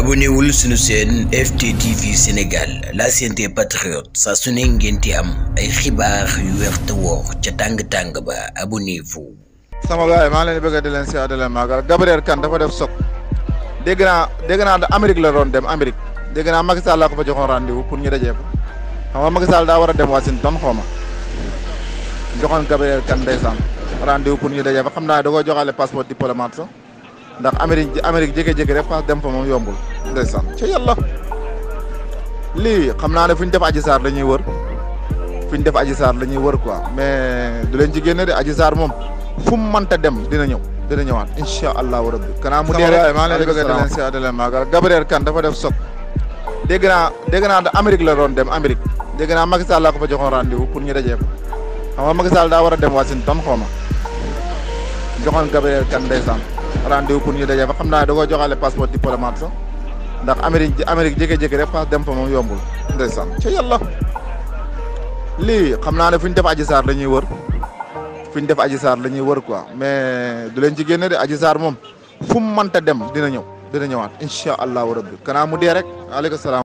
abonnez-vous sur sunu seen FTTV Sénégal la chaîne des patriotes ça sonne en ngeen et am ay xibaar yu wér te wóor ba abonnez-vous sama gars yi maa leen bëgg di leen si di leen Gabriel Kane d'abord def sok dégg naa dégg naa Amérique la doon Amérique dégg naa Macky Sall laa ko fa joxoon rendez-vous pour ñu dajee ko xam nga Macky Sall daa Washington xaw ma joxoon Gabriel Kane ndeysaan rendez-vous pour ñu dajee fa xam naa da koo passeport diplomate ndax Amérique Amérique jékki-jékki rek paas dem fa moom yombul ndeysaan ca yàlla lii xam naa ne fu ñu def Adji Sarr la ñuy wër fu ñu def Adji Sarr la ñuy wër quoi mais du leen ci génne de Adji moom fu mu mënta dem dina ñëw dina ñëwaat incha allahu rabbi. kanaa mu dee rek maa leen a Gabriel Kane dafa def soog dégg naa dégg Amérique la doon dem Amérique dégg naa Macky Sall laa ko fa joxoon rendez-vous pour ñu dajee ko xam nga daa war a dem Washington xaw ma joxoon Gabriel Kane ndeysaan rendez-vous pour a daje fa xam naa da koo joxale passeport diplomate sax ndax Amérique Amérique jékki-jékki rek pass dem fa moom yombul ndeysaan ca yàlla lii xam naa ne fu ñu def Adji Sarr la ñuy fu ñu def Adji saar la ñuy wër quoi mais du leen ci génne de Adji Sarr moom fu mu mënta dem dina ñëw dina ñëwaat incha allahu rabbi kanaa mu dee rek aleykum salaam